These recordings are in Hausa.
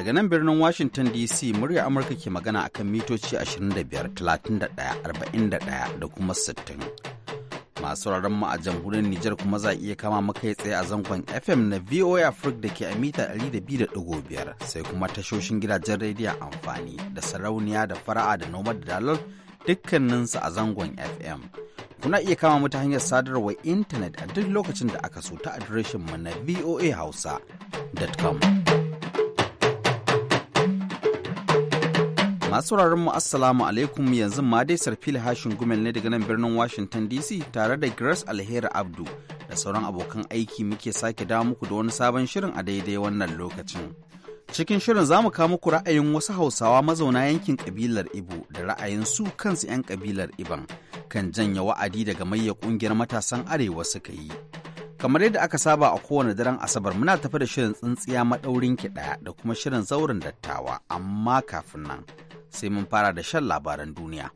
Daga nan birnin Washington DC murya Amurka ke magana akan mitoci 25, 31, 41 da kuma 60. Masu mu a jamhuriyar Nijar kuma za iya kama makai tsaye a zangon FM na VOA Africa da ke a mita 200.5 sai kuma tashoshin gidajen rediyon amfani da sarauniya da fara'a da noma da dalar dukkaninsu a zangon FM. Kuna iya kama mu ta hanyar sadarwar intanet a duk lokacin da aka so ta adireshin mu na voahausa.com. Masu mu Assalamu alaikum yanzu ma dai Sarfil Hashin Gumel ne daga nan birnin Washington DC tare da Grace Alheri Abdu da sauran abokan aiki muke sake dawo muku da wani sabon shirin a daidai wannan lokacin. Cikin shirin za mu kawo muku ra'ayin wasu Hausawa mazauna yankin kabilar Ibo da ra'ayin su kansu 'yan kabilar Iban kan janya wa'adi daga mayya kungiyar matasan Arewa suka yi. Kamar yadda aka saba a kowane daren Asabar muna tafi da shirin tsintsiya maɗaurin kiɗa da kuma shirin zauren dattawa amma kafin nan sai mun fara da shan labaran duniya.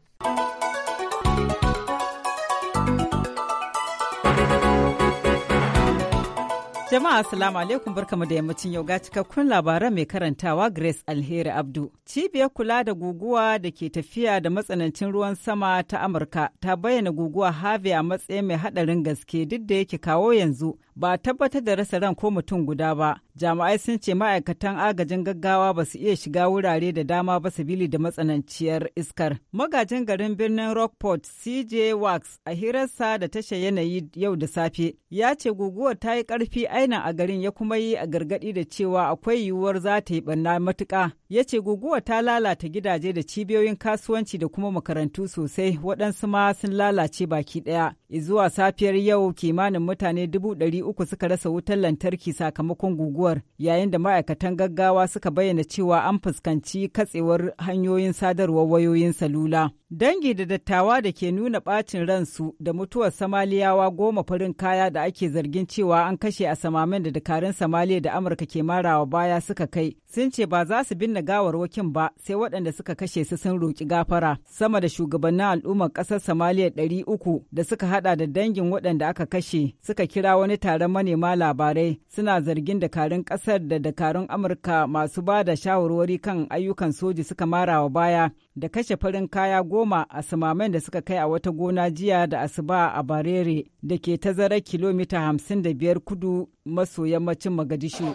Jama'a Assalamu alaikum barkamu da yammacin yau ga cikakkun labaran mai karantawa Grace Alheri Abdu. Cibiyar kula da guguwa da ke tafiya da matsanancin ruwan sama ta Amurka ta bayyana guguwa Harvey a matsayin mai haɗarin gaske duk da yake kawo yanzu ba tabbatar da rasa ran ko mutum guda ba jami'ai sun ce ma'aikatan agajin gaggawa ba su iya shiga wurare da dama ba sabili da matsananciyar iskar magajin garin birnin rockport cj wax a hirarsa da tashar yanayi yau da safe ya ce guguwar ta yi karfi aina a garin ya kuma yi a gargadi da cewa akwai yiwuwar za ta yi barna matuka ya ce guguwar ta lalata gidaje da cibiyoyin kasuwanci da kuma makarantu sosai waɗansu ma sun lalace baki ɗaya zuwa safiyar yau kimanin mutane dubu ɗari uku suka rasa wutar lantarki sakamakon guguwar yayin da ma'aikatan gaggawa suka bayyana cewa an fuskanci katsewar hanyoyin sadarwar wayoyin salula. Dangi da dattawa da ke nuna ɓacin ransu da mutuwar Samaliyawa goma farin kaya da ake zargin cewa an kashe a samamin da dakarun Samaliya da Amurka ke marawa baya suka kai sun ce ba za su binne gawarwakin ba sai waɗanda suka kashe su sun roƙi gafara sama da shugabannin al'ummar ƙasar Somalia ɗari uku da suka haɗa da dangin waɗanda aka kashe suka kira wani taron manema labarai suna zargin dakarun ƙasar da dakarun Amurka masu ba da shawarwari kan ayyukan soji suka marawa baya da kashe farin kaya goma a samamen da suka kai a wata gona jiya da asuba a Barere da ke tazarar kilomita 55 kudu maso yammacin Magadishu.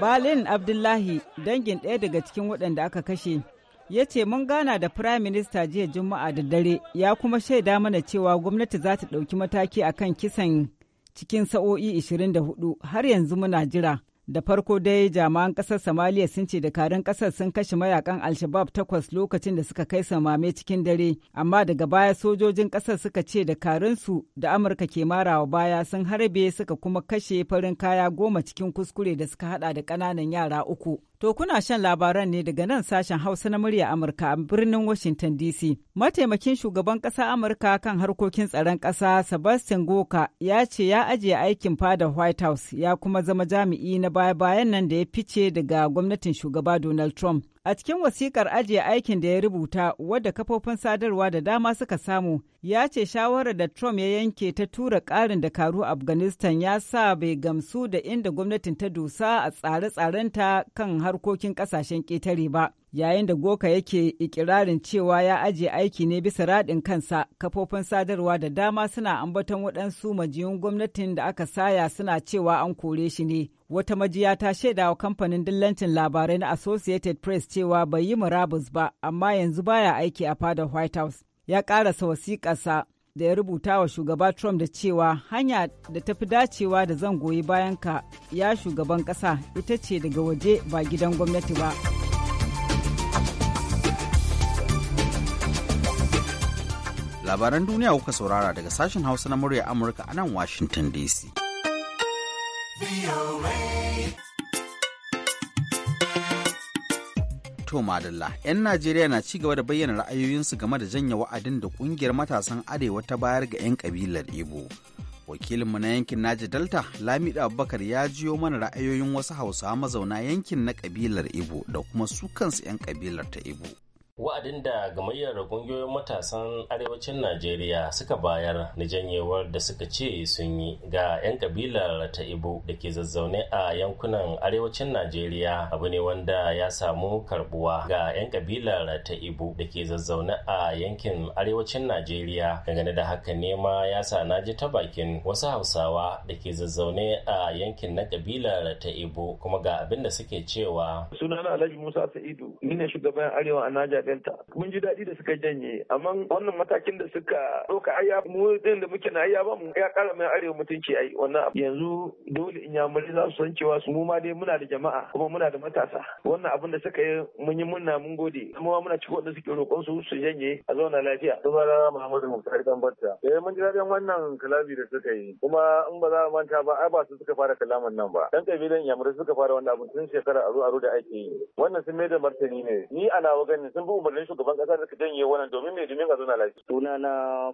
Balin Abdullahi dangin ɗaya daga cikin waɗanda aka kashe ya ce mun gana da Firayim Minista jiya Juma'a da dare ya kuma shaida mana cewa gwamnati za ta ɗauki mataki akan kisan cikin sa'o'i 24 har yanzu muna jira. Da farko dai jami'an ƙasar Somalia sun ce dakarun ƙasar sun kashe mayakan Alshabab takwas lokacin da suka kai samame cikin dare, amma daga baya sojojin ƙasar suka ce su da Amurka ke marawa baya sun harbe suka kuma kashe farin kaya goma cikin kuskure da suka hada da ƙananan yara uku. To kuna shan labaran ne daga nan sashen Hausa na murya Amurka a birnin Washington DC. Mataimakin shugaban ƙasa Amurka kan harkokin tsaron ƙasa Sebastian Goka ya ce ya ajiye aikin fada White House ya kuma zama jami'i na baya-bayan nan da ya fice daga gwamnatin shugaba Donald Trump. A cikin wasikar ajiye aikin da ya rubuta wadda kafofin sadarwa da dama suka samu, ya ce shawarar da Trump ya yanke ta tura ƙarin dakaru Afghanistan ya sa bai gamsu da inda gwamnatin ta dusa a tsare-tsarenta kan harkokin ƙasashen ƙetare ba. yayin da Goka yake ikirarin cewa ya ajiye aiki ne bisa raɗin kansa kafofin sadarwa da dama suna ambaton waɗansu majiyun gwamnatin da aka saya suna cewa an kore shi ne. Wata majiya ta shaida wa kamfanin dillancin labarai na Associated Press cewa bai yi murabus ba, amma yanzu baya aiki a fadar White House. Ya ƙarasa wasiƙarsa da ya rubuta wa shugaba Trump da cewa hanya da ta fi dacewa da zan goyi bayan ka ya shugaban ƙasa ita ce daga waje ba gidan gwamnati ba. Labaran duniya kuka saurara daga sashen Hausa na murya Amurka a nan Washington DC. To madalla, 'yan Najeriya na ci gaba da bayyana ra'ayoyinsu game da janya wa'adin da kungiyar matasan arewa ta bayar ga 'yan kabilar Igbo. Wakilinmu na yankin Naji Delta, Lamida Abubakar ya jiyo mana ra'ayoyin wasu Hausawa mazauna yankin na kabilar Igbo da kuma su kansu 'yan kabilar ta Igbo. wa'adin da gamayyar kungiyoyin matasan arewacin najeriya suka bayar na janyewar da suka ce sun yi ga 'yan kabilar ta ibo da ke zazzaune a yankunan arewacin najeriya abu ne wanda ya samu karbuwa ga 'yan kabilar ta ibo da ke zazzaune a yankin arewacin najeriya dangane da haka nema ya sa na ji ta bakin wasu hausawa da ke zazzaune a yankin na kabilar ta ibo kuma ga abin da suke cewa sunana alhaji musa sa'idu ni ne shugaban arewa a naja daɗinta mun ji daɗi da suka janye amma wannan matakin da suka ɗauka ayya mu din da muke na ayya ba mu ya ƙara mai arewa mutunci ai wannan yanzu dole in yamuri za su san cewa su mu ma dai muna da jama'a kuma muna da matasa wannan abin da suka yi mun yi munna mun gode kuma muna cikin wanda suke roƙon su su janye a zauna lafiya. Tubara Muhammadu Muktar Gambata. Eh mun ji daɗin wannan kalabi da suka yi kuma in ba za a manta ba ai ba su suka fara kalaman nan ba. Dan ƙabilan yamuri suka fara wannan abin tun shekara aro aro da ake yi. Wannan sun mai da martani ne. Ni ana ganin sun bi umarnin shugaban kasa da ka janye wannan domin mai domin a zauna lafiya. Suna na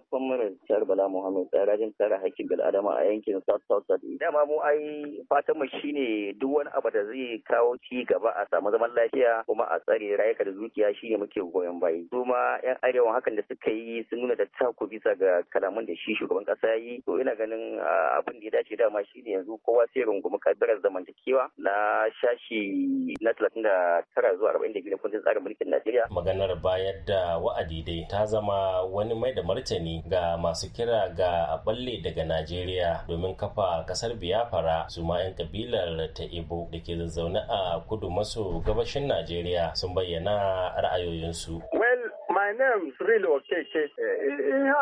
Kwamarin Shahar Bala Muhammad rajin kare haƙƙin bil'adama a yankin South South South. Dama mu ai fatan mu shine duk wani abu da zai kawo ci gaba a samu zaman lafiya kuma a tsare rayuka da zuciya shine muke goyon bayi. Kuma yan arewa hakan da suka yi sun nuna da taku bisa ga kalaman da shi shugaban kasa yi. To ina ganin ah, abin da ya dace dama shine yanzu kowa sai rungumi kabirar zamantakewa na shashi na 39 zuwa 42 na kundin tsarin mulkin Najeriya. maganar bayar da wa'adi dai ta zama wani mai da martani ga masu kira ga a daga najeriya domin kafa kasar biyafara su ma 'yan kabilar ta ibo da ke zazzaune a kudu maso gabashin najeriya sun bayyana ra'ayoyinsu My name is really eh, eh, eh,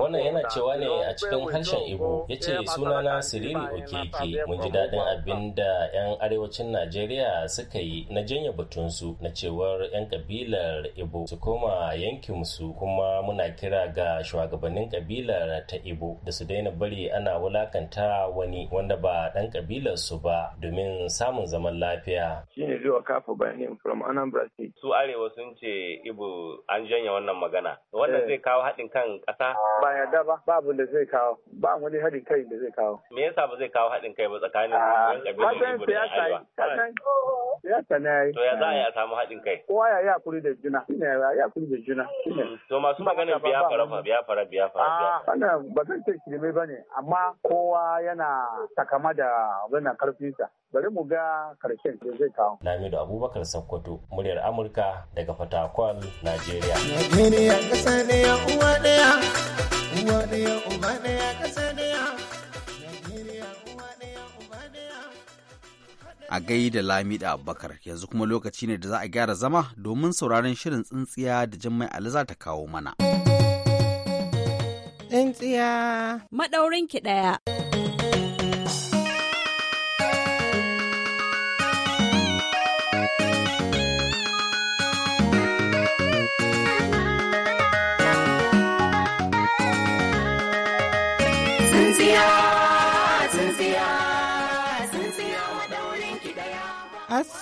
Wannan yana cewa ne a cikin harshen ibo, ya ce sunana siriri Okeke mun ji daɗin abin da 'yan arewacin Najeriya suka yi na janye batunsu na cewar 'yan kabilar ibo, su koma yankinsu kuma muna kira ga shugabannin kabilar ta ibo. da su daina bari ana wulakanta wani wanda ba ɗan kabilar su ba domin samun zaman lafiya. Shine zuwa kafa bayanin from Anambra State. Su arewa sun ce Ibo. an janya wannan magana wannan eh. zai kawo haɗin kan ƙasa ba yadda ba ba da zai kawo ba wani haɗin kai da zai kawo me yasa ba zai kawo haɗin kai ba tsakanin ah, ƙabilun Igbo da Arewa siyasa ne to ya za a yi a samu haɗin kai kowa ya yi hakuri da juna shine ya hakuri da juna mm, to masu maganin fara fa fara. biyafara ah, wannan ba zan ce shirme ba ne amma kowa yana takama da wannan karfinsa bari mu ga karshen da zai kawo. Lamido Abubakar Sakkwato, muryar Amurka daga Fatakwal, Najeriya. Najeriya gai da ya uwa Lamida Abubakar yanzu kuma lokaci ne da za a gyara zama domin sauraron shirin tsintsiya da Jummai Ali za ta kawo mana. Tsintsiya maɗaurinki ɗaya.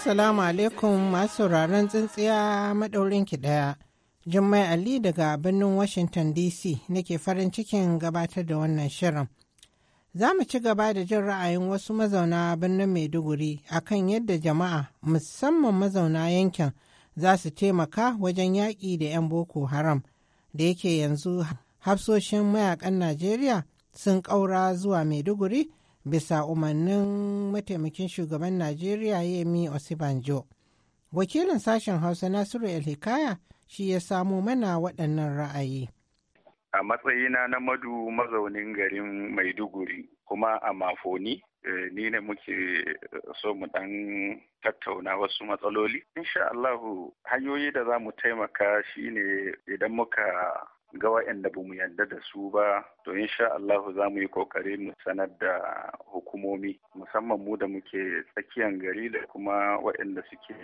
Assalamu alaikum masu sauraron tsintsiya maɗaurin ki ɗaya. Jummai Ali daga birnin Washington DC nake farin cikin gabatar da wannan shirin. Za mu ci gaba da jin ra'ayin wasu mazauna birnin Maiduguri a kan yadda jama'a musamman mazauna yankin za su taimaka wajen yaƙi da 'yan Boko Haram da yake yanzu hafsoshin mayakan Najeriya sun ƙaura zuwa Maiduguri bisa umarnin mataimakin shugaban najeriya yemi osibanjo wakilin sashen hausa nasiru el-hikaya shi ya samu mana waɗannan ra'ayi a matsayina na madu mazaunin garin maiduguri kuma a mafoni eh, ni ne muke eh, so mu dan tattauna wasu matsaloli insha Allahu hanyoyi da za mu taimaka shine idan muka ga waɗanda ba mu yarda da su ba to insha Allah za mu yi kokari mu sanar da hukumomi musamman mu da muke tsakiyan gari da kuma waɗanda suke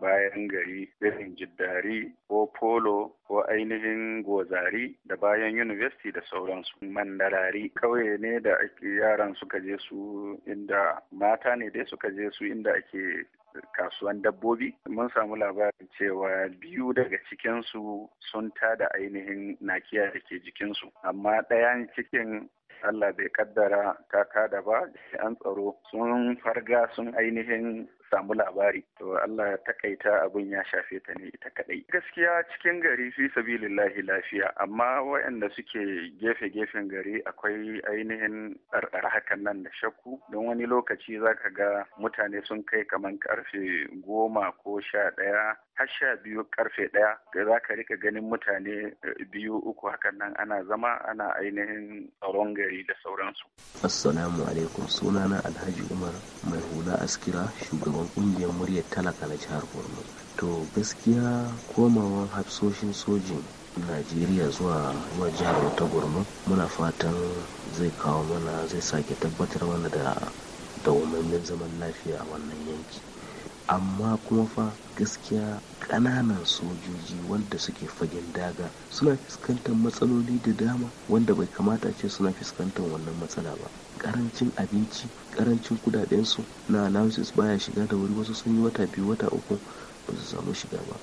bayan gari irin jiddari ko polo ko ainihin gozari da bayan university da sauransu mandarari kauye ne da ake yaran suka je su inda mata ne dai suka je su inda ake kasuwan dabbobi mun samu labarin cewa biyu daga cikinsu sun tada ainihin nakiya da ke jikinsu amma ɗayan cikin Allah bai kaddara ta kada ba an tsaro sun farga sun ainihin samu labari to Allah ya takaita abun ya shafe ta ne ita kadai gaskiya cikin gari fi sabilillahi lafiya amma waɗanda suke gefe gefen gari akwai ainihin ɗarɗar hakan nan da shakku don wani lokaci zaka ga mutane sun kai kamar karfe goma ko sha ɗaya har sha biyu karfe ɗaya da za ka rika ganin mutane eh, biyu uku hakan nan ana zama ana ainihin tsaron gari da sauransu. Assalamu alaikum sunana Alhaji Umar mai hula askira shugaban wannan kungiyar muryar talaka na jihar borno to gaskiya komawan hafsoshin sojin najeriya zuwa zuwa jihar wata borno muna fatan zai kawo mana zai sake tabbatar mana da dawwammamin zaman lafiya a wannan yanki amma kuma fa gaskiya kananan sojoji wanda suke fagen daga suna fuskantar matsaloli da dama wanda bai kamata ce suna fuskantar wannan matsala ba karancin abinci karancin kudadensu na analysis baya shiga da wuri wasu sun yi wata biyu wata uku ba su samu shiga ba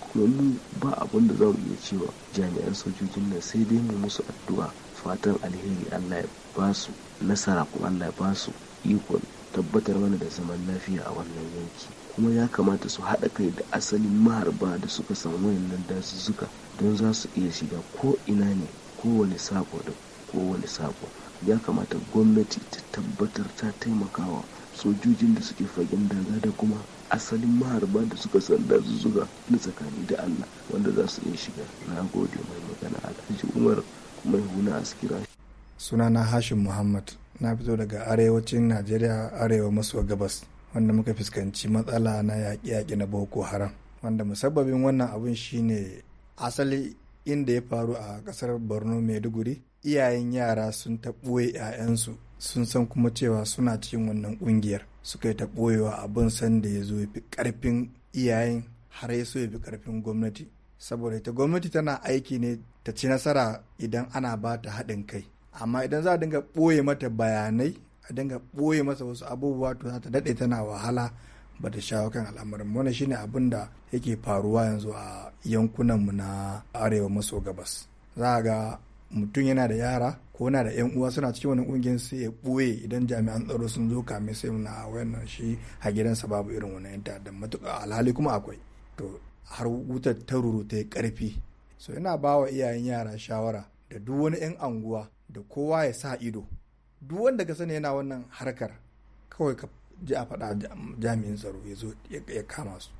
kuma mu ba abin da za mu iya cewa jami'an sojojin nan sai dai mu musu addu'a fatan alheri allah ya ba su nasara kuma allah ya ba su ikon tabbatar mana da zaman lafiya a wannan yanki kuma ya kamata su haɗa kai da asalin maharba da suka samu wayannan dazuzzuka don za su iya shiga ko ina ne kowane sako da kowane sako ya kamata gwamnati ta tabbatar ta taimakawa sojojin da suke fagen daga da kuma asalin maharba da suka sanda su zuga na tsakani da allah wanda za su iya shiga na gode mai magana a alhaji umar mai huna askira sunana hashim muhammad na fito daga arewacin najeriya arewa maso gabas wanda muka fuskanci matsala na yaƙi-yaƙi na boko haram wanda musabbabin wannan abun shine asali inda ya faru a ƙasar borno maiduguri iyayen yara sun taɓoye 'ya'yansu sun san kuma cewa suna cikin wannan ƙungiyar suka yi taɓoyewa abin san da ya zo ya fi ƙarfin iyayen har ya so ya fi ƙarfin gwamnati saboda ita gwamnati tana aiki ne ta ci nasara idan ana ba ta haɗin kai amma idan za a dinga ɓoye mata bayanai a dinga ɓoye masa wasu abubuwa to za ta daɗe tana wahala ba ta shawo kan al'amarin wannan shine abin da yake faruwa yanzu a yankunanmu na arewa maso gabas za a ga mutum yana da yara ko na da yan uwa suna cikin wani kungiyar sai ya ɓoye idan jami'an tsaro sun zo kame sai na wannan shi a gidansa babu irin wannan yanta da matuƙa alhali kuma akwai to har wutar ta ruru ta yi ƙarfi so yana ba wa iyayen yara shawara da duk wani yan anguwa da kowa ya sa ido duk wanda ka sani yana wannan harkar kawai ka ji a faɗa jami'in tsaro ya zo ya kama su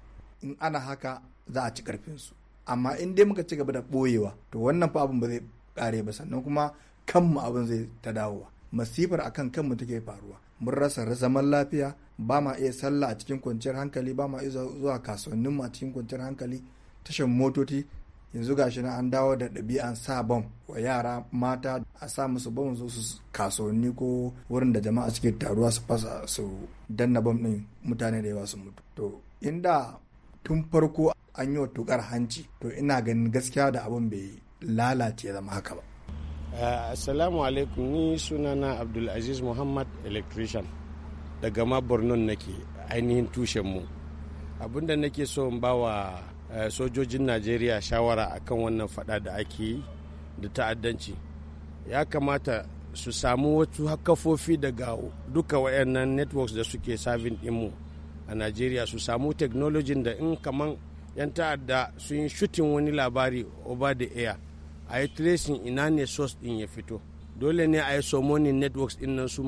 in ana haka za a ci ƙarfinsu amma in dai muka ci gaba da ɓoyewa to wannan fa abin ba zai kare ba sannan kuma kanmu abin zai ta dawowa masifar akan kanmu take faruwa mun rasa zaman lafiya ba ma iya sallah a cikin kwanciyar hankali ba ma iya zuwa kasuwannin mu a cikin kwanciyar hankali tashin motoci yanzu gashi na an dawo da ɗabi'an sa bom wa yara mata a sa musu bom su kasuwanni ko wurin da jama'a suke taruwa su fasa su danna bom din mutane da yawa su mutu to inda tun farko an yi wa tukar hanci to ina ganin gaskiya da abin bai lalace zama haka ba eh, assalamu alaikum ni sunana abdulaziz muhammad electrician daga ma bornon nake ainihin tushenmu abinda nake so in ba wa eh, sojojin najeriya shawara akan wannan fada da ake yi da ta'addanci ya kamata su samu wasu kafofi daga duka wayannan networks da suke sabin mu a najeriya su samu technology da in kaman 'yan ta'adda sun yi shutin wani labari over the air a yi tracing ina ne source din ya fito dole ne a yi somonin networks din nan su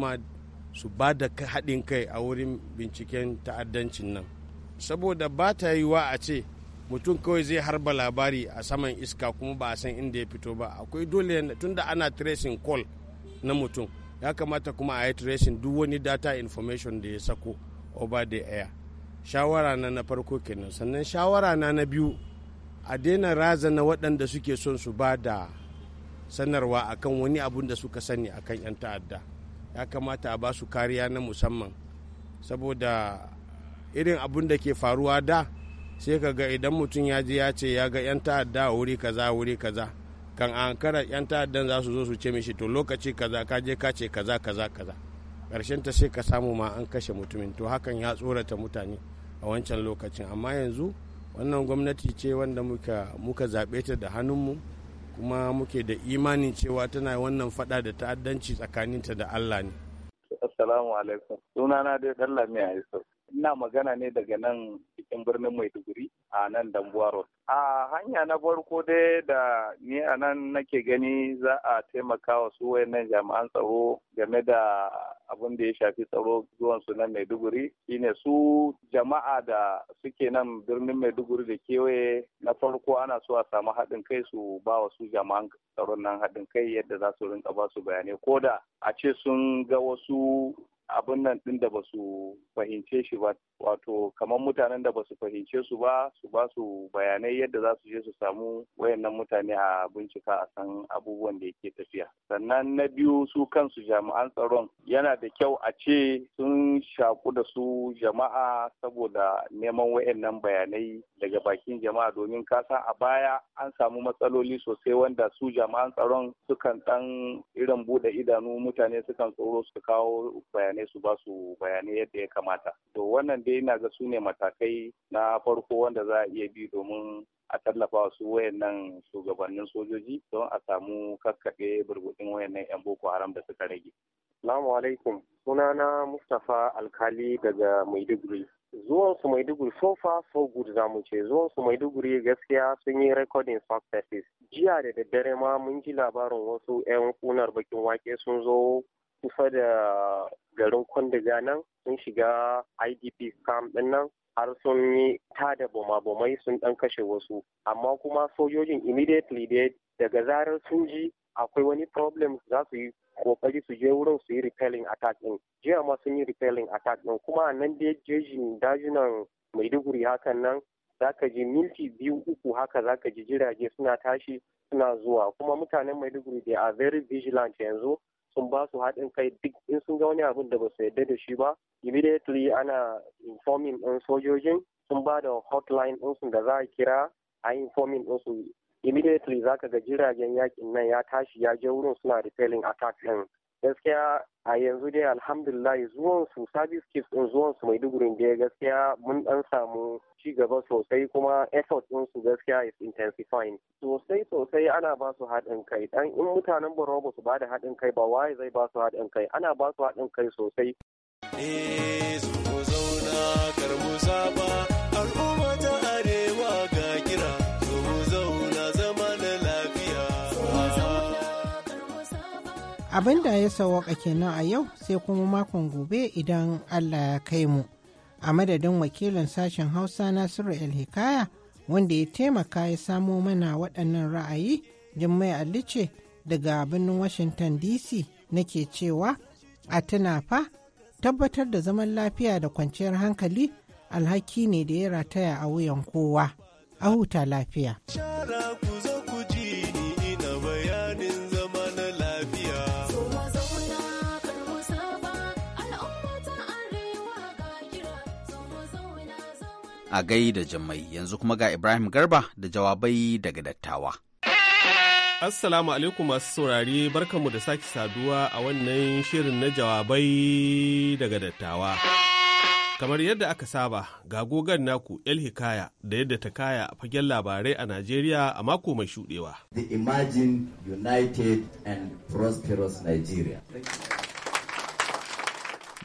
su ba da haɗin kai a wurin binciken ta'addancin nan saboda ba ta yiwa a ce mutum kawai zai harba labari a saman iska kuma ba a san inda ya fito ba akwai dole tunda ana tracing call na mutum ya kamata kuma a yi tracing duk wani data information da ya sako over the air shawara na na farko kenan sannan shawara na na biyu a daina razana waɗanda suke son su ba da sanarwa akan wani abun da suka sani akan 'yan ta'adda ya kamata a ba su kariya na musamman saboda irin abun da ke faruwa da sai ka ga idan mutum ya je ya ce ya ga 'yan ta'adda a wuri kaza wuri kaza kan ankara 'yan ta'addan za su zo su ce mishi to lokaci kaza ka je ka ce kaza kaza kaza karshen ta sai ka samu ma an kashe mutumin to hakan ya tsorata mutane a wancan lokacin amma yanzu wannan gwamnati ce wanda muka muka zaɓe ta da hannunmu kuma muke da imanin cewa tana wannan fada da ta'addanci tsakaninta da Allah ne. Assalamu alaikum. Sunana dai dan Lamiya Yusuf. Ina magana ne daga nan cikin birnin Maiduguri a nan Dambuwa Road. A hanya na farko dai da ni a nan nake gani za a taimaka wa su wayannan jami'an tsaro game da abin da ya shafi tsaro su na maiduguri shine su jama'a da suke nan birnin maiduguri da kewaye na farko ana so a samu haɗin kai su ba wa su jama'an tsaron nan haɗin kai yadda za su rinka ba su bayanai ko da a ce sun ga wasu abin nan din da ba su fahimce shi ba wato kamar mutanen da ba su fahimce su ba su ba su bayanai yadda za su je su samu wayannan mutane a bincika a san abubuwan da yake tafiya sannan na biyu su kansu jama'an tsaron yana da kyau a ce sun shaku da su jama'a saboda neman wayannan bayanai daga bakin jama'a domin kasa a baya an samu matsaloli sosai wanda su jama'an tsaron sukan dan irin bude idanu mutane sukan tsoro su kawo bayanai mutane su ba su bayanai yadda ya kamata to wannan dai ina ga su ne matakai na farko wanda za a iya bi domin a tallafa su wayannan shugabannin sojoji don a samu kakkaɓe burbuɗin wayannan 'yan boko haram da suka rage. Salamu alaikum, sunana Mustapha Alkali daga Maiduguri. Zuwan su Maiduguri so far so good za mu ce, zuwan su Maiduguri gaskiya sun yi recording successes. Jiya da daddare ma mun ji labarin wasu 'yan kunar bakin wake sun zo kusa da garin kwandiga nan sun shiga idp camp din nan har sun yi da boma-bomai sun dan kashe wasu amma kuma sojojin immediately dai daga zarar sun ji akwai wani problem za su yi kokari su je wurin su yi repelling attack din jiya ma sun yi repelling attack din kuma nan dai jejin dajinan maiduguri hakan nan zaka ji minti biyu uku haka zaka ji jirage suna tashi suna zuwa kuma mutanen maiduguri they are very vigilant yanzu sun ba su haɗin kai duk in sun ga wani abin da ba su yarda da shi ba immediately ana informing ɗin sojojin sun ba da hotline ɗinsu da za a kira a informing ɗinsu immediately za ka ga jiragen yakin nan ya tashi ya je wurin suna repelling attack ɗin gaskiya a yanzu dai alhamdulillah zuwan su service kids din zuwan su Maiduguri da gaskiya mun dan samu ci gaba sosai kuma effort din su gaskiya is intensifying sosai sosai ana ba su haɗin kai dan in mutanen Borno su ba da haɗin kai ba waye zai ba su haɗin kai ana ba su haɗin kai sosai eh zo zauna karmu zaba al'umma abin da ya sawaka kenan a yau sai kuma makon gobe idan allah ya kai mu a madadin wakilin sashen hausa nasiru el hikaya wanda ya taimaka ya samo mana waɗannan ra'ayi jimmai alice daga birnin washington dc nake cewa a tuna fa tabbatar da zaman lafiya da kwanciyar hankali alhaki ne da ya rataya a wuyan kowa a huta lafiya. a gai da jamai yanzu kuma ga Ibrahim Garba da jawabai daga dattawa. Assalamu alaikum masu saurari. barkanmu da sake saduwa a wannan shirin na jawabai daga dattawa. Kamar yadda aka saba, ga gogan naku El Hikaya da yadda ta kaya a fagen labarai a Najeriya a mako mai shudewa. The Imagine United and Prosperous Nigeria.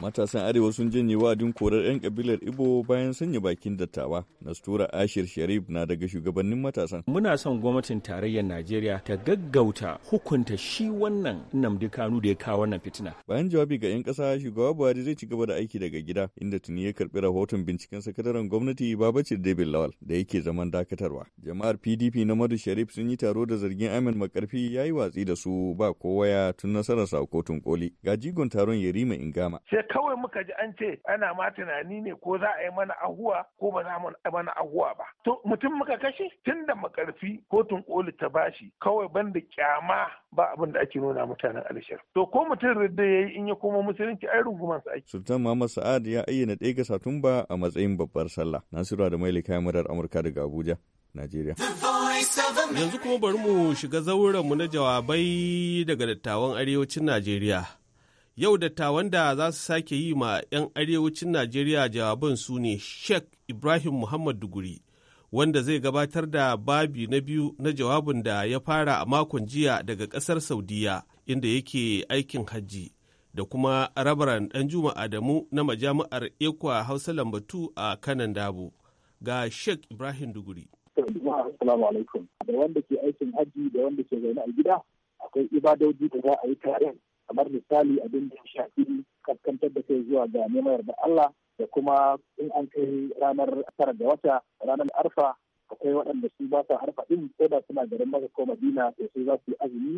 Matasan Arewa sun janye wa'adin korar 'yan kabilar Ibo bayan sanya bakin dattawa. Nastura Ashir Sharif na daga shugabannin matasan. Muna son gwamnatin tarayyar Najeriya ta gaggauta hukunta shi wannan namdi Kanu da ya kawo wannan fitina. Bayan jawabi ga 'yan ƙasa, shugaba Buhari zai ci gaba da aiki daga gida, inda tuni ya karɓi rahoton binciken sakataren gwamnati Babacir David Lawal da yake zaman dakatarwa. Jama'ar PDP na Madu Sharif sun yi taro da zargin Amin Makarfi ya yi watsi da su ba kowa ya tun nasarar sa kotun koli. Ga jigon taron Yerima Ingama. kawai muka ji an ce ana ma tunani ne ko za a yi mana ahuwa ko ba za mu mana ahuwa ba to mutum muka kashe tun da makarfi kotun koli ta bashi kawai banda kyama ba abin da ake nuna mutanen alishir to ko mutum ridda yi in ya koma musulunci ai rungumar sa ake sultan muhammad sa'ad ya ayyana ɗaya ga satumba a matsayin babbar sallah nasiru da mailika murar amurka daga abuja najeriya yanzu kuma bari mu shiga zauren mu na jawabai daga dattawan arewacin najeriya Yau dattawan da za su sake yi ma 'yan arewacin Najeriya jawaban su ne Sheikh Ibrahim Muhammad Duguri, wanda zai gabatar da babi na biyu na jawabin da ya fara a makon jiya daga kasar Saudiya inda yake aikin hajji, da kuma rabaran juma Adamu na majami'ar Ekwa Hausa Lambatu a Kanan Dabo. Ga Sheikh Ibrahim Duguri. Assalamu alaikum. Da wanda ke aikin hajji da wanda ke zaune a gida akwai ibadoji da za a yi tare kamar misali abin da ya shafi kaskantar da kai zuwa ga neman yarda Allah da kuma in an kai ranar tara da wata ranar arfa akwai waɗanda su ba arfa ɗin ko da suna garin maka ko madina sosai za su yi azumi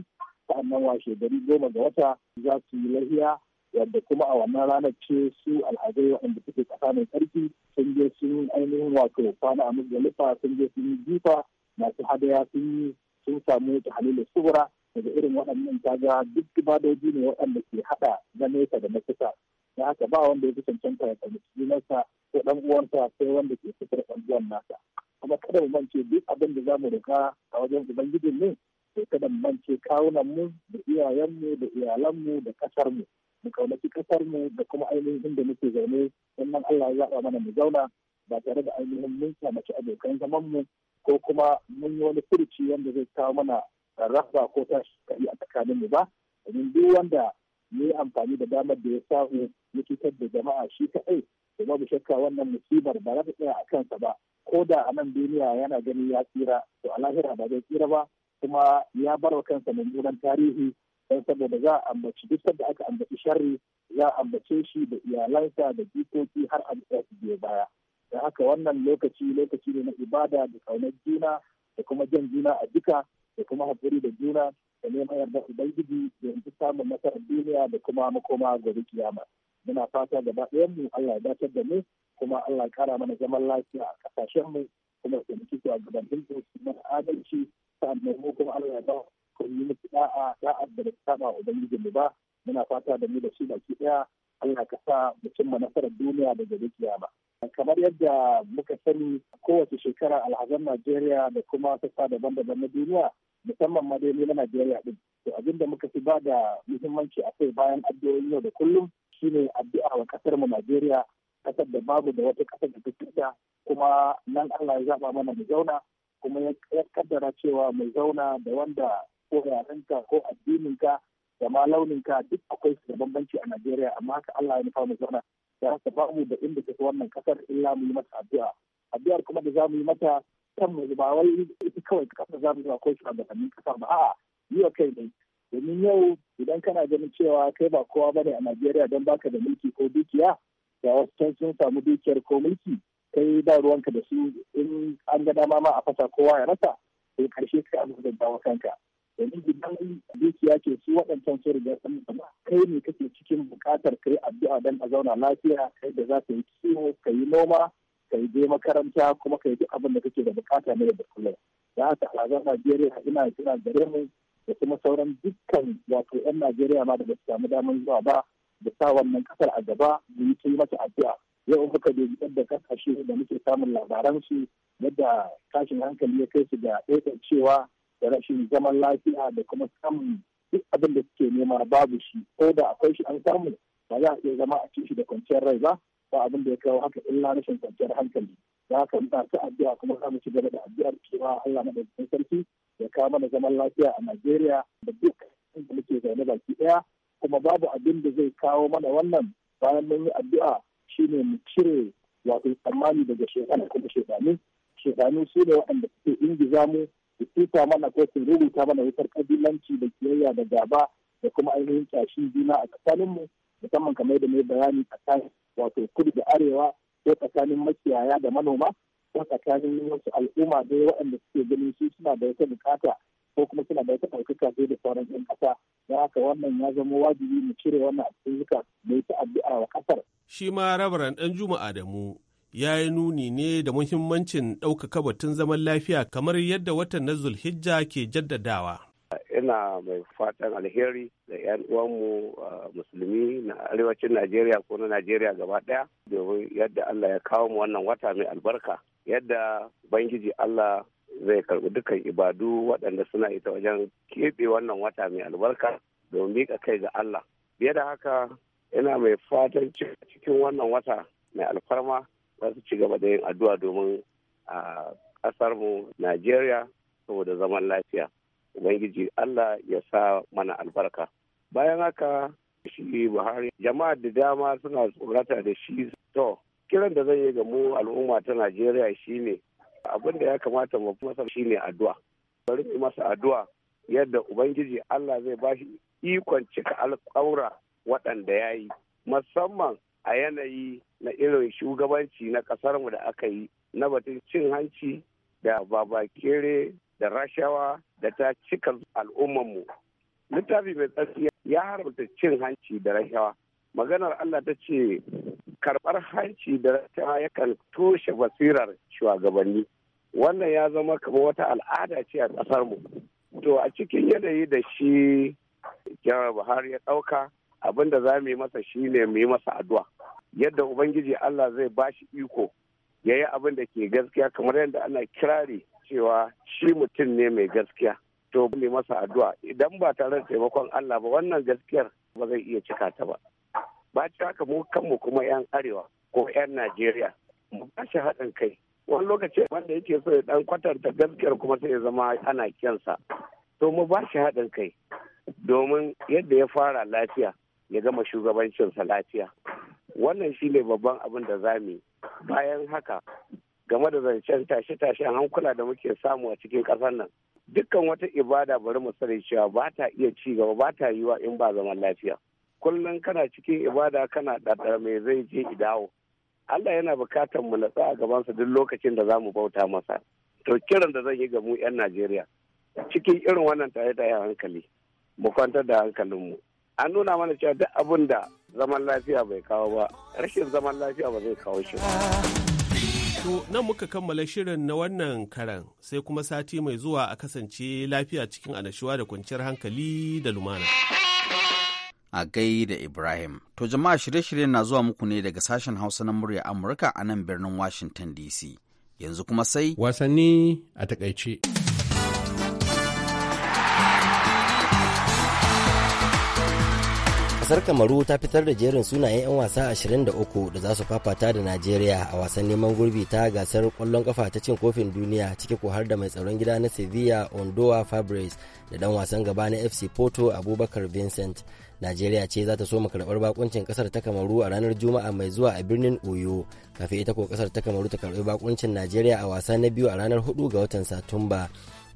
sa'annan washe gari goma ga wata za su yi lahiya yadda kuma a wannan ranar ce su al'adai waɗanda suke tsakanin ƙarfi sun je sun ainihin wato kwana a musdalifa sun je sun yi jifa masu hadaya sun yi sun samu ta halilu subura daga irin waɗannan kaga duk ibadoji ne waɗanda ke haɗa na nesa da na kusa da haka ba wanda ya fi cancanta ya tsamaki junansa ko ɗan uwansa sai wanda ke fitar da ɗan uwan nasa kuma kada mu mance duk abin da za mu riga a wajen ubangijin ne sai kada mu mance kawunan mu da iyayenmu da iyalanmu da ƙasarmu mu mu kaunaci ƙasar mu da kuma ainihin inda muke zaune nan Allah ya zaɓa mana mu zauna ba tare da ainihin mun samu abokan zaman mu ko kuma mun yi wani furuci wanda zai kawo mana raba ko ta shekari a tsakaninmu ba domin duk wanda ne amfani da damar da ya samu ya cutar da jama'a shi kaɗai da babu shakka wannan musibar ba za ta tsaya a kansa ba ko da a nan duniya yana ganin ya tsira to a lahira ba zai tsira ba kuma ya bar wa kansa mummunan tarihi don saboda za a ambaci duk da aka ambaci sharri za a ambace shi da iyalansa da jikoki har a bisa su biyo baya da haka wannan lokaci lokaci ne na ibada da kaunar juna da kuma jan juna a duka da kuma haƙuri da juna da neman yarda ubangiji da yanzu samun nasarar duniya da kuma makoma gobe kiyama muna fata gaba ɗayan mu Allah ya dakatar da mu kuma Allah ya kara mana zaman lafiya a ƙasashen mu kuma da su a gaban hindu su mana adalci sannan mu kuma Allah ya ba community da'a da'ar da ba saba ubangiji mu ba muna fata da mu da shi baki ɗaya Allah ka sa mu cimma nasarar duniya da gobe kiyama kamar yadda muka sani kowace shekara alhazan Najeriya da kuma sassa daban-daban na duniya musamman ma dai na Najeriya din to abin da muka fi ba da muhimmanci a kai bayan addu'o'in yau da kullum shine addu'a wa kasar mu Najeriya kasar da babu da wata kasar da da kuma nan Allah ya zaba mana mu zauna kuma ya kaddara cewa mu zauna da wanda ko yarenka ko addininka da ma launinka duk akwai su da bambanci a Najeriya amma haka Allah ya nufa mu zauna da haka babu da inda take wannan kasar illa mu yi mata addu'a addu'ar kuma da za mu yi mata kan mu ba wai ita kawai kasar za mu zuwa ko hannun kasar ba a'a yi wa kai ne domin yau idan kana ganin cewa kai ba kowa bane a Najeriya don baka da mulki ko dukiya da wasu can sun samu dukiyar ko mulki kai ba ruwanka da su in an ga dama ma a fasa kowa ya rasa sai karshe ka abu da dawo kanka domin idan dukiya ke su waɗancan sun riga sun kai ne kake cikin buƙatar kai addu'a don a zauna lafiya kai da za ka yi kiwo ka yi noma kai je makaranta kuma kai duk abin da kake da bukata na da kullum da haka al'adar najeriya ina kira gare mu da kuma sauran dukkan wato 'yan najeriya ma da ba su samu damar zuwa ba da sa wannan kasar a gaba da yi mata addu'a yau muka da yadda kasashe da muke samun labaran su yadda kashin hankali ya kai su ga ɗaukar cewa da rashin zaman lafiya da kuma samun duk abin da suke nema babu shi ko da akwai shi an samu ba za a iya zama a ci shi da kwanciyar rai ba ba abin da ya kawo haka illa rashin kwanciyar hankali za ka ta addu'a kuma za mu ci gaba da addu'ar cewa Allah madaukakin sarki ya kawo mana zaman lafiya a Najeriya da duk inda muke zaune baki daya kuma babu abin da zai kawo mana wannan bayan mun yi addu'a shine mu cire wato tsammani daga shekara kuma shekaru shekaru su ne waɗanda suke ingiza mu su tuta mana ko su rubuta mana wutar kabilanci da kiyayya da gaba da kuma ainihin kyashin juna a tsakaninmu musamman kamar da mai bayani a tsakanin wato kudu da arewa ko tsakanin makiyaya da manoma ko tsakanin wasu al'umma dai waɗanda suke ganin su suna da wata bukata ko kuma suna da wata ɗaukaka sai da sauran 'yan ƙasa don haka wannan ya zama wajibi mu cire wannan a cikin zuka da addu'a wa ƙasar. shi ma rabaran ɗan juma'a da mu ya yi nuni ne da muhimmancin ɗaukaka batun zaman lafiya kamar yadda watan na zulhijja ke jaddadawa. ina mai fatan alheri da 'yan uwanmu uh, musulmi na arewacin najeriya ko na najeriya gaba daya domin yadda allah ya kawo mu wannan wata mai albarka yadda bangiji allah zai karbi dukkan ibadu waɗanda suna ita wajen keɓe wannan wata mai albarka domin miƙa kai ga allah biye da haka ina mai fatan cikin wannan wata mai alfarma za su ci gaba da yin addu'a domin a uh, ƙasarmu najeriya saboda zaman lafiya ubangiji allah ya sa mana albarka bayan haka shi buhari jama'a da dama suna tsorata da shi to kiran da zai yi ga mu al'umma ta najeriya shine abin da ya kamata mu masa shine addu'a bari mu masa addu'a yadda ubangiji allah zai bashi ikon cika alƙawura waɗanda ya yi musamman a yanayi na irin shugabanci na ƙasarmu da aka yi na batun cin hanci da babakere da rashawa da ta cika al'ummanmu littafi mai tsarki ya haramta cin hanci da rashawa maganar allah ta ce karɓar hanci da rashawa yakan toshe basirar shugabanni wannan ya zama kamar wata al'ada ce a ƙasarmu to a cikin yanayi da shi jihar buhari ya ɗauka abinda da za mu yi masa shi ne mu yi masa addu'a yadda ubangiji allah zai bashi iko ya yi abin da ke gaskiya kamar yadda ana kirari cewa shi mutum ne mai gaskiya to mai masa addu'a idan ba tare da taimakon Allah ba wannan gaskiyar ba zai iya cika ta ba ba ci haka mu kanmu kuma yan arewa ko yan Najeriya mu ba shi haɗin kai wani lokaci wanda yake so ya dan kwatanta gaskiyar kuma sai ya zama ana kyansa to mu ba shi haɗin kai domin yadda ya fara lafiya ya gama shugabancinsa lafiya wannan shine babban abin da zamu mu bayan haka game da zancen tashe-tashen hankula da muke samu a cikin ƙasar nan dukkan wata ibada bari mu sani cewa ba ta iya ci gaba ba ta yiwa in ba zaman lafiya kullum kana cikin ibada kana ɗaɗɗar mai zai je idawo Allah yana bukatar mu natsa a gabansa duk lokacin da za mu bauta masa to kiran da zan yi ga mu 'yan Najeriya cikin irin wannan tare da hankali mu kwantar da hankalinmu an nuna mana cewa duk abin da zaman lafiya bai kawo ba rashin zaman lafiya ba zai kawo shi ba To, nan muka kammala shirin na wannan karan sai kuma sati mai zuwa a kasance lafiya cikin anashuwa da kwanciyar hankali da lumana. A gai da Ibrahim. To, jama'a shirye-shiryen na zuwa muku ne daga sashen Hausa na murya Amurka a nan birnin Washington DC. Yanzu kuma sai. Wasanni a takaice. Kasar Kamaru ta fitar da jerin sunayen 'yan wasa 23 da za su fafata da Najeriya a wasan neman gurbi ta gasar kwallon kafa ta cin kofin duniya ciki ko har da mai tsaron gida na Sevilla Ondoa Fabres da dan wasan gaba na FC Porto Abubakar Vincent. Najeriya ce za ta so karɓar bakuncin kasar ta Kamaru a ranar Juma'a mai zuwa a birnin Oyo kafin ita ko kasar ta Kamaru ta karɓi bakuncin Najeriya a wasa na biyu a ranar 4 ga watan Satumba.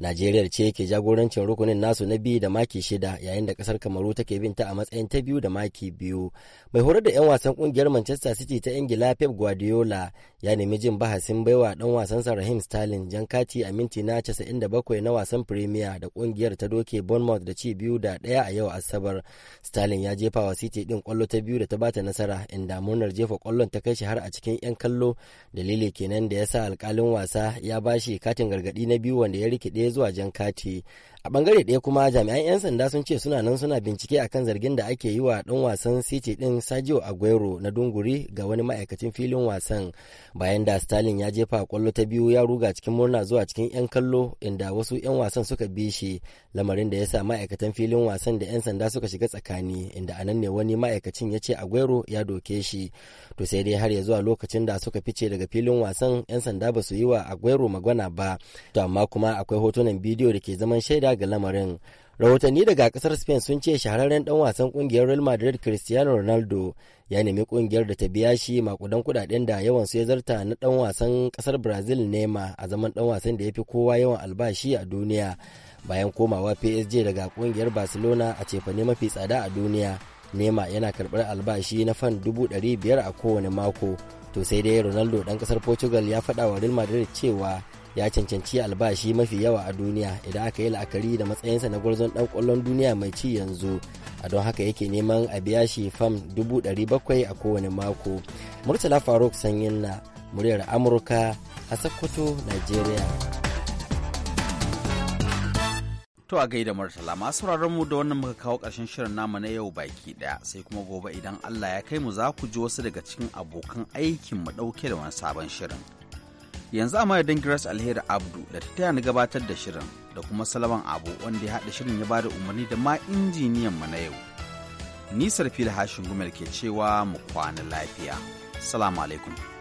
Najeriya ce ke jagorancin rukunin nasu na biyu da maki shida yayin da kasar Kamaru take bin ta a matsayin ta biyu da maki biyu. Mai horar da 'yan wasan kungiyar Manchester City ta Ingila Pep Guardiola ya nemi jin bahasin baiwa dan wasansa Raheem Sterling jan kati a minti na 97 na wasan Premier da kungiyar ta doke Bournemouth da ci biyu da ɗaya a yau Asabar. Sterling ya jefa wa City din kwallo ta biyu da ta bata nasara inda murnar jefa kwallon ta kai shi har a cikin 'yan kallo dalili kenan da ya sa alkalin wasa ya bashi katin gargadi na biyu wanda ya rikide zuwa jan kati a bangare ɗaya kuma jami'an 'yan sanda sun ce suna nan suna bincike akan zargin da ake yi wa ɗan wasan city ɗin a aguero na dunguri ga wani ma'aikacin filin wasan bayan da stalin ya jefa kwallo ta biyu ya ruga cikin murna zuwa cikin 'yan kallo inda wasu 'yan wasan suka bi shi lamarin da ya sa ma'aikatan filin wasan da 'yan sanda suka shiga tsakani inda anan ne wani ma'aikacin ya ce aguero ya doke shi to sai dai har ya zuwa lokacin da suka fice daga filin wasan 'yan sanda ba su yi wa aguero magana ba to amma kuma akwai hotunan bidiyo da ke zaman shaida ga lamarin rahotanni daga kasar spain sun ce shahararren dan wasan kungiyar real madrid cristiano ronaldo ya nemi kungiyar da ta biya shi makudan kudaden da yawan su ya zarta na dan wasan kasar brazil nema a zaman dan wasan da ya fi kowa yawan albashi a duniya bayan komawa psg daga kungiyar barcelona a cefane mafi tsada a duniya nema yana karbar albashi na fan dubu biyar a kowane mako to sai dai ronaldo dan kasar portugal ya faɗa wa real madrid cewa ya cancanci albashi mafi yawa a duniya idan aka yi la'akari da matsayinsa na gwarzon dan kwallon duniya mai ci yanzu a don haka yake neman a biya shi fam 700 a kowane mako murtala faruk sanyin na muryar amurka a sokoto nigeria To a gaida Murtala masu mu da wannan muka kawo karshen shirin namu na yau baki daya sai kuma gobe idan Allah ya kai mu za ku ji wasu daga cikin abokan aikin mu ɗauke da wani sabon shirin. yanzu a madadin grace alheri abdu da ta taya ni gabatar da shirin da kuma salaman abu wanda ya haɗa shirin ya bada umarni da ma injiniyan mu na yau nisar fil hashin gumel ke cewa mu kwana lafiya salamu alaikum